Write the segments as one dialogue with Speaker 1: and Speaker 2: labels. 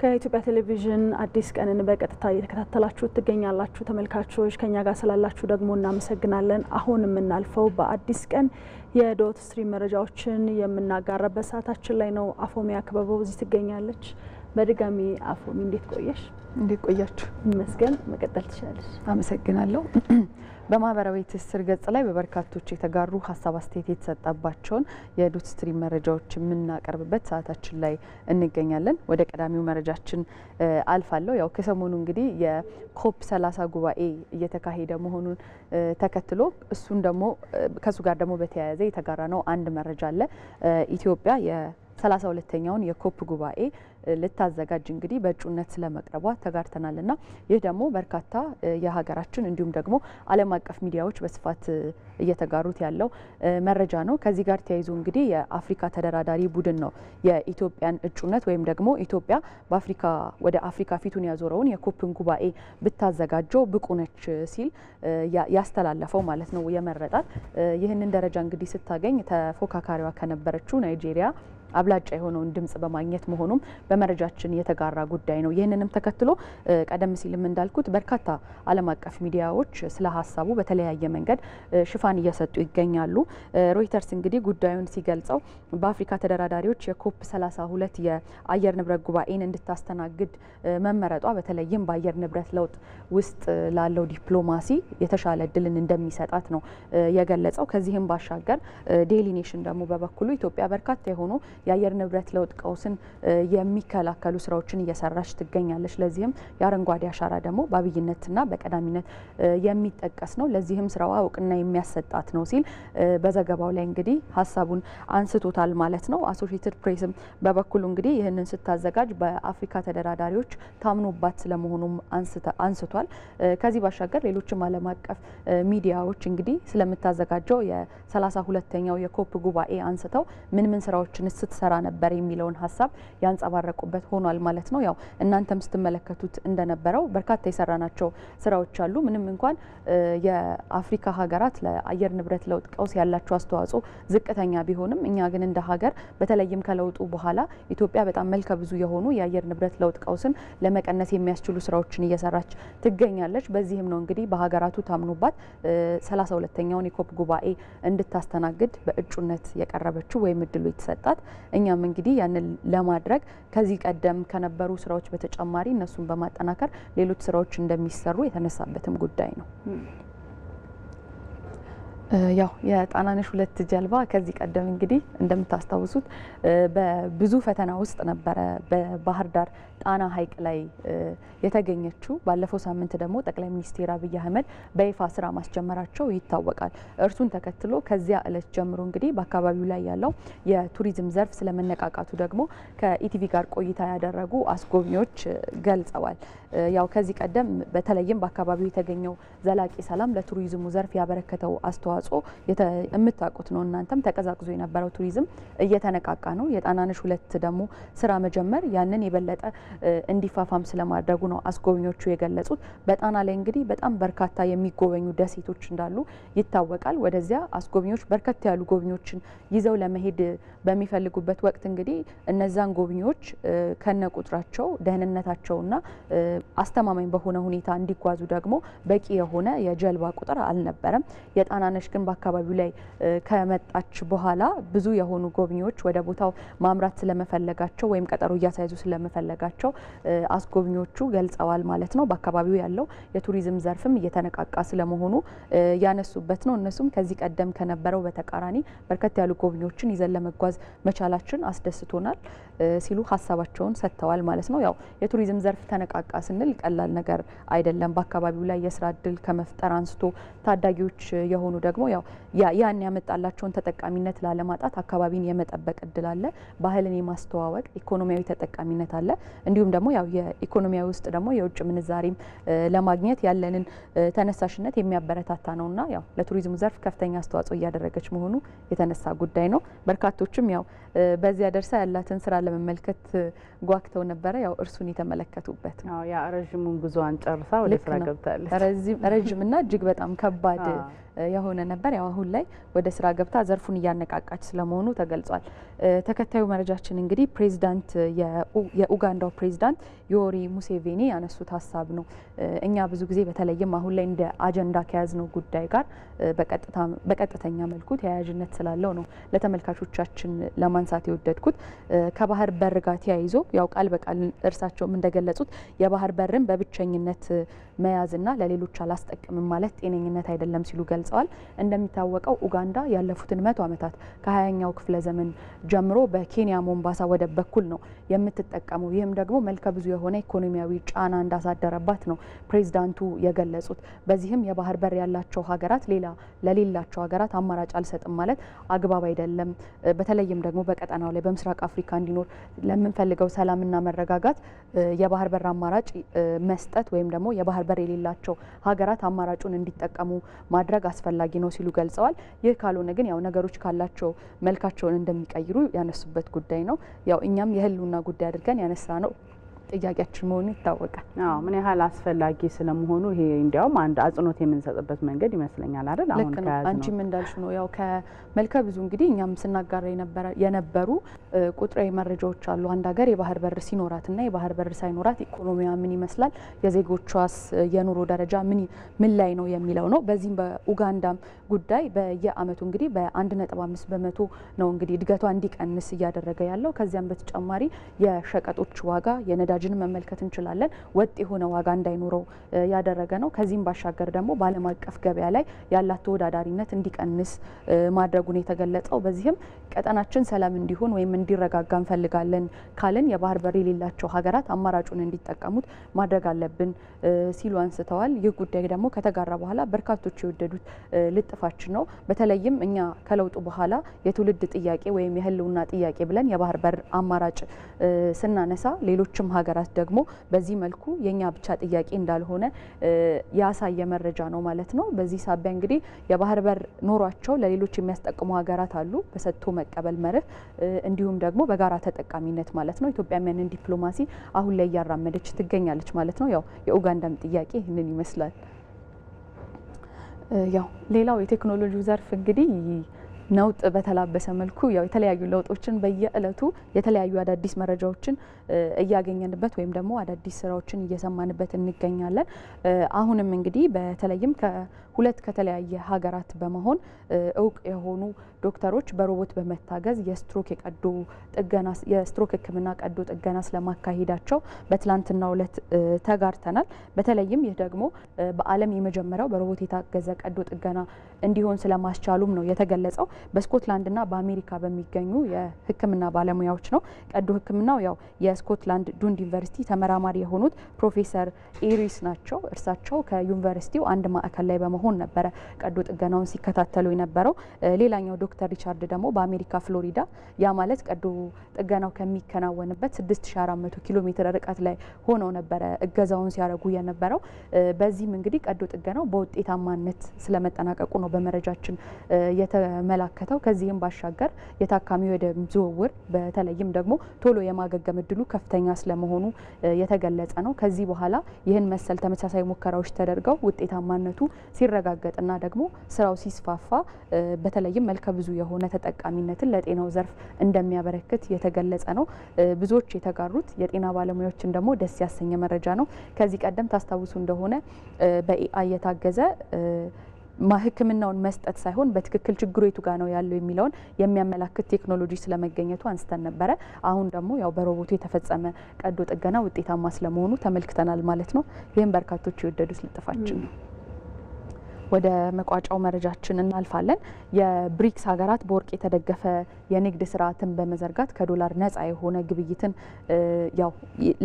Speaker 1: ከኢትዮጵያ ቴሌቪዥን አዲስ ቀንን በቀጥታ እየተከታተላችሁ ትገኛላችሁ ተመልካቾች። ከኛ ጋር ስላላችሁ ደግሞ እናመሰግናለን። አሁን የምናልፈው በአዲስ ቀን የዶት ስትሪም መረጃዎችን የምናጋራበት ሰዓታችን ላይ ነው። አፎሚያ ክበበው እዚህ ትገኛለች። በድጋሚ አፎሚ እንዴት ቆየሽ?
Speaker 2: እንዴት ቆያችሁ?
Speaker 1: ይመስገን። መቀጠል ትችላለች። አመሰግናለሁ። በማህበራዊ ትስስር ገጽ ላይ በበርካቶች የተጋሩ ሀሳብ አስተያየት የተሰጠባቸውን የዶት ስትሪም መረጃዎች የምናቀርብበት ሰዓታችን ላይ እንገኛለን። ወደ ቀዳሚው መረጃችን አልፋለሁ። ያው ከሰሞኑ እንግዲህ የኮፕ 30 ጉባኤ እየተካሄደ መሆኑን ተከትሎ እሱን ደግሞ ከእሱ ጋር ደግሞ በተያያዘ የተጋራ ነው አንድ መረጃ አለ ኢትዮጵያ ሰላሳ ሁለተኛውን የኮፕ ጉባኤ ልታዘጋጅ እንግዲህ በእጩነት ስለመቅረቧ ተጋርተናል እና ይህ ደግሞ በርካታ የሀገራችን እንዲሁም ደግሞ ዓለም አቀፍ ሚዲያዎች በስፋት እየተጋሩት ያለው መረጃ ነው። ከዚህ ጋር ተያይዞ እንግዲህ የአፍሪካ ተደራዳሪ ቡድን ነው የኢትዮጵያን እጩነት ወይም ደግሞ ኢትዮጵያ በአፍሪካ ወደ አፍሪካ ፊቱን ያዞረውን የኮፕን ጉባኤ ብታዘጋጀው ብቁ ነች ሲል ያስተላለፈው ማለት ነው የመረጣት ይህንን ደረጃ እንግዲህ ስታገኝ ተፎካካሪዋ ከነበረችው ናይጄሪያ አብላጫ የሆነውን ድምጽ በማግኘት መሆኑም በመረጃችን የተጋራ ጉዳይ ነው። ይህንንም ተከትሎ ቀደም ሲልም እንዳልኩት በርካታ ዓለም አቀፍ ሚዲያዎች ስለ ሀሳቡ በተለያየ መንገድ ሽፋን እየሰጡ ይገኛሉ። ሮይተርስ እንግዲህ ጉዳዩን ሲገልጸው በአፍሪካ ተደራዳሪዎች የኮፕ 32 የአየር ንብረት ጉባኤን እንድታስተናግድ መመረጧ በተለይም በአየር ንብረት ለውጥ ውስጥ ላለው ዲፕሎማሲ የተሻለ እድልን እንደሚሰጣት ነው የገለጸው። ከዚህም ባሻገር ዴይሊ ኔሽን ደግሞ በበኩሉ ኢትዮጵያ በርካታ የሆኑ የአየር ንብረት ለውጥ ቀውስን የሚከላከሉ ስራዎችን እየሰራች ትገኛለች። ለዚህም የአረንጓዴ አሻራ ደግሞ በአብይነትና በቀዳሚነት የሚጠቀስ ነው። ለዚህም ስራዋ እውቅና የሚያሰጣት ነው ሲል በዘገባው ላይ እንግዲህ ሀሳቡን አንስቶታል ማለት ነው። አሶሽትድ ፕሬስም በበኩሉ እንግዲህ ይህንን ስታዘጋጅ በአፍሪካ ተደራዳሪዎች ታምኖባት ስለመሆኑም አንስቷል። ከዚህ ባሻገር ሌሎችም ዓለም አቀፍ ሚዲያዎች እንግዲህ ስለምታዘጋጀው የሰላሳ ሁለተኛው የኮፕ ጉባኤ አንስተው ምን ምን ስራዎችን ስት ትሰራ ነበር የሚለውን ሀሳብ ያንጸባረቁበት ሆኗል ማለት ነው። ያው እናንተም ስትመለከቱት እንደነበረው በርካታ የሰራናቸው ስራዎች አሉ። ምንም እንኳን የአፍሪካ ሀገራት ለአየር ንብረት ለውጥ ቀውስ ያላቸው አስተዋጽኦ ዝቅተኛ ቢሆንም እኛ ግን እንደ ሀገር በተለይም ከለውጡ በኋላ ኢትዮጵያ በጣም መልከ ብዙ የሆኑ የአየር ንብረት ለውጥ ቀውስን ለመቀነስ የሚያስችሉ ስራዎችን እየሰራች ትገኛለች። በዚህም ነው እንግዲህ በሀገራቱ ታምኖባት 32 ተኛውን የኮፕ ጉባኤ እንድታስተናግድ በእጩነት የቀረበችው ወይም እድሉ የተሰጣት እኛም እንግዲህ ያንን ለማድረግ ከዚህ ቀደም ከነበሩ ስራዎች በተጨማሪ እነሱን በማጠናከር ሌሎች ስራዎች እንደሚሰሩ የተነሳበትም ጉዳይ ነው። ያው የጣናነሽ ሁለት ጀልባ ከዚህ ቀደም እንግዲህ እንደምታስታውሱት በብዙ ፈተና ውስጥ ነበረ በባህር ዳር ጣና ሐይቅ ላይ የተገኘችው። ባለፈው ሳምንት ደግሞ ጠቅላይ ሚኒስትር አብይ አህመድ በይፋ ስራ ማስጀመራቸው ይታወቃል። እርሱን ተከትሎ ከዚያ እለት ጀምሮ እንግዲህ በአካባቢው ላይ ያለው የቱሪዝም ዘርፍ ስለመነቃቃቱ ደግሞ ከኢቲቪ ጋር ቆይታ ያደረጉ አስጎብኚዎች ገልጸዋል። ያው ከዚህ ቀደም በተለይም በአካባቢው የተገኘው ዘላቂ ሰላም ለቱሪዝሙ ዘርፍ ያበረከተው አስተዋ አስተዋጽኦ የምታውቁት ነው። እናንተም ተቀዛቅዞ የነበረው ቱሪዝም እየተነቃቃ ነው። የጣናነሽ ሁለት ደግሞ ስራ መጀመር ያንን የበለጠ እንዲፋፋም ስለማድረጉ ነው አስጎብኞቹ የገለጹት። በጣና ላይ እንግዲህ በጣም በርካታ የሚጎበኙ ደሴቶች እንዳሉ ይታወቃል። ወደዚያ አስጎብኞች በርከት ያሉ ጎብኚዎችን ይዘው ለመሄድ በሚፈልጉበት ወቅት እንግዲህ እነዛን ጎብኚዎች ከነ ቁጥራቸው ደህንነታቸውና አስተማማኝ በሆነ ሁኔታ እንዲጓዙ ደግሞ በቂ የሆነ የጀልባ ቁጥር አልነበረም። የጣናነሽ ግማሽ ግን በአካባቢው ላይ ከመጣች በኋላ ብዙ የሆኑ ጎብኚዎች ወደ ቦታው ማምራት ስለመፈለጋቸው ወይም ቀጠሮ እያሳይዙ ስለመፈለጋቸው አስጎብኚዎቹ ገልጸዋል ማለት ነው። በአካባቢው ያለው የቱሪዝም ዘርፍም እየተነቃቃ ስለመሆኑ ያነሱበት ነው። እነሱም ከዚህ ቀደም ከነበረው በተቃራኒ በርከት ያሉ ጎብኚዎችን ይዘን ለመጓዝ መቻላችን አስደስቶናል ሲሉ ሀሳባቸውን ሰጥተዋል ማለት ነው። ያው የቱሪዝም ዘርፍ ተነቃቃ ስንል ቀላል ነገር አይደለም። በአካባቢው ላይ የስራ እድል ከመፍጠር አንስቶ ታዳጊዎች የሆኑ ደግሞ ደግሞ ያው ያን ያመጣላቸውን ተጠቃሚነት ላለማጣት አካባቢን የመጠበቅ እድል አለ፣ ባህልን የማስተዋወቅ ኢኮኖሚያዊ ተጠቃሚነት አለ። እንዲሁም ደግሞ ያው የኢኮኖሚያዊ ውስጥ ደግሞ የውጭ ምንዛሪም ለማግኘት ያለንን ተነሳሽነት የሚያበረታታ ነውና ያው ለቱሪዝሙ ዘርፍ ከፍተኛ አስተዋጽኦ እያደረገች መሆኑ የተነሳ ጉዳይ ነው። በርካቶችም ያው በዚያ ደርሳ ያላትን ስራ ለመመልከት ጓግተው ነበረ። ያው እርሱን የተመለከቱበት
Speaker 2: ያ ረዥሙን ጉዞዋን ጨርሳ ወደ ስራ ገብታለች።
Speaker 1: ረዥምና እጅግ በጣም ከባድ የሆነ ነበር። ያው አሁን ላይ ወደ ስራ ገብታ ዘርፉን እያነቃቃች ስለመሆኑ ተገልጿል። ተከታዩ መረጃችን እንግዲህ ፕሬዚዳንት የኡጋንዳው ፕሬዚዳንት ዮሪ ሙሴቬኒ ያነሱት ሀሳብ ነው። እኛ ብዙ ጊዜ በተለይም አሁን ላይ እንደ አጀንዳ ከያዝነው ጉዳይ ጋር በቀጥተኛ መልኩ ተያያዥነት ስላለው ነው ለተመልካቾቻችን ለማንሳት የወደድኩት። ከባህር በር ጋር ተያይዞ ያው ቃል በቃል እርሳቸውም እንደገለጹት የባህር በርን በብቸኝነት መያዝና ለሌሎች አላስጠቅምም ማለት ጤነኝነት አይደለም ሲሉ ገልጸዋል። እንደሚታወቀው ኡጋንዳ ያለፉትን መቶ ዓመታት ከሀያኛው ክፍለ ዘመን ጀምሮ በኬንያ ሞምባሳ ወደብ በኩል ነው የምትጠቀመው። ይህም ደግሞ መልከ ብዙ የሆነ ኢኮኖሚያዊ ጫና እንዳሳደረባት ነው ፕሬዚዳንቱ የገለጹት። በዚህም የባህር በር ያላቸው ሀገራት ሌላ ለሌላቸው ሀገራት አማራጭ አልሰጥም ማለት አግባብ አይደለም። በተለይም ደግሞ በቀጠናው ላይ በምስራቅ አፍሪካ እንዲኖር ለምንፈልገው ሰላምና መረጋጋት የባህር በር አማራጭ መስጠት ወይም ደግሞ የባህር በር የሌላቸው ሀገራት አማራጩን እንዲጠቀሙ ማድረግ አስፈላጊ ነው ሲሉ ገልጸዋል። ይህ ካልሆነ ግን ያው ነገሮች ካላቸው መልካቸውን እንደሚቀይሩ ያነሱበት ጉዳይ ነው። ያው እኛም የህልውና ጉዳይ አድርገን ያነሳ ነው ጥያቄያችን መሆኑ ይታወቃል።
Speaker 2: አዎ ምን ያህል አስፈላጊ ስለመሆኑ ይሄ እንዲያውም አንድ አጽንኦት የምንሰጥበት መንገድ ይመስለኛል አይደል?
Speaker 1: አሁን ከያዝ አንቺም እንዳልሽ ነው ያው ከመልከ ብዙ እንግዲህ እኛም ስናጋራ የነበሩ ቁጥራዊ መረጃዎች አሉ። አንድ ሀገር የባህር በር ሲኖራትና የባህር በር ሳይኖራት ኢኮኖሚዋ ምን ይመስላል፣ የዜጎቿስ የኑሮ ደረጃ ምን ላይ ነው የሚለው ነው። በዚህም በኡጋንዳም ጉዳይ በየአመቱ እንግዲህ በ1.5 በመቶ ነው እንግዲህ እድገቷ እንዲቀንስ እያደረገ ያለው። ከዚያም በተጨማሪ የሸቀጦች ዋጋ የነዳ ነዳጅን መመልከት እንችላለን። ወጥ የሆነ ዋጋ እንዳይኖረው ያደረገ ነው። ከዚህም ባሻገር ደግሞ በዓለም አቀፍ ገበያ ላይ ያላት ተወዳዳሪነት እንዲቀንስ ማድረጉን የተገለጸው። በዚህም ቀጠናችን ሰላም እንዲሆን ወይም እንዲረጋጋ እንፈልጋለን ካልን የባህር በር የሌላቸው ሀገራት አማራጩን እንዲጠቀሙት ማድረግ አለብን ሲሉ አንስተዋል። ይህ ጉዳይ ደግሞ ከተጋራ በኋላ በርካቶች የወደዱት ልጥፋችን ነው። በተለይም እኛ ከለውጡ በኋላ የትውልድ ጥያቄ ወይም የህልውና ጥያቄ ብለን የባህር በር አማራጭ ስናነሳ ሌሎችም ሀገራት ደግሞ በዚህ መልኩ የኛ ብቻ ጥያቄ እንዳልሆነ ያሳየ መረጃ ነው ማለት ነው። በዚህ ሳቢያ እንግዲህ የባህር በር ኖሯቸው ለሌሎች የሚያስጠቅሙ ሀገራት አሉ፣ በሰጥቶ መቀበል መርህ እንዲሁም ደግሞ በጋራ ተጠቃሚነት ማለት ነው። ኢትዮጵያ ያንን ዲፕሎማሲ አሁን ላይ እያራመደች ትገኛለች ማለት ነው። ያው የኡጋንዳም ጥያቄ ይህንን ይመስላል። ያው ሌላው የቴክኖሎጂው ዘርፍ እንግዲህ ነውጥ በተላበሰ መልኩ ያው የተለያዩ ለውጦችን በየእለቱ የተለያዩ አዳዲስ መረጃዎችን እያገኘንበት ወይም ደግሞ አዳዲስ ስራዎችን እየሰማንበት እንገኛለን። አሁንም እንግዲህ በተለይም ሁለት ከተለያየ ሀገራት በመሆን እውቅ የሆኑ ዶክተሮች በሮቦት በመታገዝ የስትሮክ የቀዶ ጥገና የስትሮክ ሕክምና ቀዶ ጥገና ስለማካሄዳቸው በትላንትናው ዕለት ተጋርተናል። በተለይም ይህ ደግሞ በዓለም የመጀመሪያው በሮቦት የታገዘ ቀዶ ጥገና እንዲሆን ስለማስቻሉም ነው የተገለጸው። በስኮትላንድና በአሜሪካ በሚገኙ የሕክምና ባለሙያዎች ነው። ቀዶ ሕክምናው ያው የስኮትላንድ ዱንድ ዩኒቨርሲቲ ተመራማሪ የሆኑት ፕሮፌሰር ኤሪስ ናቸው። እርሳቸው ከዩኒቨርሲቲው አንድ ማዕከል ላይ በመሆን በመሆን ነበረ ቀዶ ጥገናውን ሲከታተሉ የነበረው። ሌላኛው ዶክተር ሪቻርድ ደግሞ በአሜሪካ ፍሎሪዳ፣ ያ ማለት ቀዶ ጥገናው ከሚከናወንበት 6400 ኪሎ ሜትር ርቀት ላይ ሆነው ነበረ እገዛውን ሲያደርጉ የነበረው። በዚህም እንግዲህ ቀዶ ጥገናው በውጤታማነት ስለመጠናቀቁ ነው በመረጃችን የተመላከተው። ከዚህም ባሻገር የታካሚው የደም ዝውውር በተለይም ደግሞ ቶሎ የማገገም እድሉ ከፍተኛ ስለመሆኑ የተገለጸ ነው። ከዚህ በኋላ ይህን መሰል ተመሳሳይ ሙከራዎች ተደርገው ውጤታማነቱ ሲረ ሲረጋገጥና ደግሞ ስራው ሲስፋፋ በተለይም መልከ ብዙ የሆነ ተጠቃሚነትን ለጤናው ዘርፍ እንደሚያበረክት የተገለጸ ነው። ብዙዎች የተጋሩት የጤና ባለሙያዎችን ደግሞ ደስ ያሰኘ መረጃ ነው። ከዚህ ቀደም ታስታውሱ እንደሆነ በኤአይ የታገዘ ሕክምናውን መስጠት ሳይሆን በትክክል ችግሩ የቱ ጋ ነው ያለው የሚለውን የሚያመላክት ቴክኖሎጂ ስለመገኘቱ አንስተን ነበረ። አሁን ደግሞ ያው በሮቦቱ የተፈጸመ ቀዶ ጥገና ውጤታማ ስለመሆኑ ተመልክተናል ማለት ነው። ይህም በርካቶች የወደዱት ልጥፋችን ነው። ወደ መቋጫው መረጃችን እናልፋለን። የብሪክስ ሀገራት በወርቅ የተደገፈ የንግድ ስርዓትን በመዘርጋት ከዶላር ነጻ የሆነ ግብይትን ያው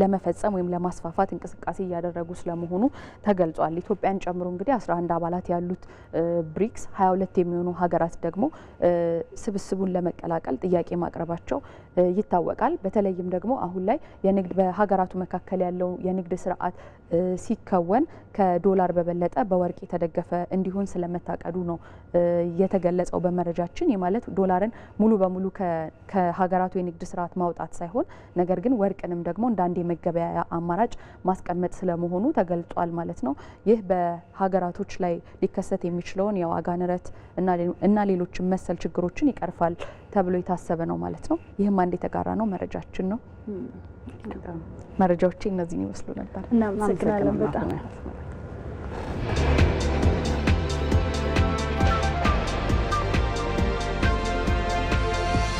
Speaker 1: ለመፈጸም ወይም ለማስፋፋት እንቅስቃሴ እያደረጉ ስለመሆኑ ተገልጿል። ኢትዮጵያን ጨምሮ እንግዲህ 11 አባላት ያሉት ብሪክስ 22 የሚሆኑ ሀገራት ደግሞ ስብስቡን ለመቀላቀል ጥያቄ ማቅረባቸው ይታወቃል። በተለይም ደግሞ አሁን ላይ የንግድ በሀገራቱ መካከል ያለው የንግድ ስርዓት ሲከወን ከዶላር በበለጠ በወርቅ የተደገፈ እንዲሆን ስለመታቀዱ ነው የተገለጸው በመረጃችን። ይህ ማለት ዶላርን ሙሉ በሙሉ ከሀገራቱ የንግድ ስርዓት ማውጣት ሳይሆን ነገር ግን ወርቅንም ደግሞ እንደ አንድ የመገበያያ አማራጭ ማስቀመጥ ስለመሆኑ ተገልጧል ማለት ነው። ይህ በሀገራቶች ላይ ሊከሰት የሚችለውን የዋጋ ንረት እና ሌሎችን መሰል ችግሮችን ይቀርፋል ተብሎ የታሰበ ነው ማለት ነው። ይህም አንድ የተጋራ ነው መረጃችን ነው። መረጃዎች እነዚህን ይመስሉ ነበር። እናመሰግናለን በጣም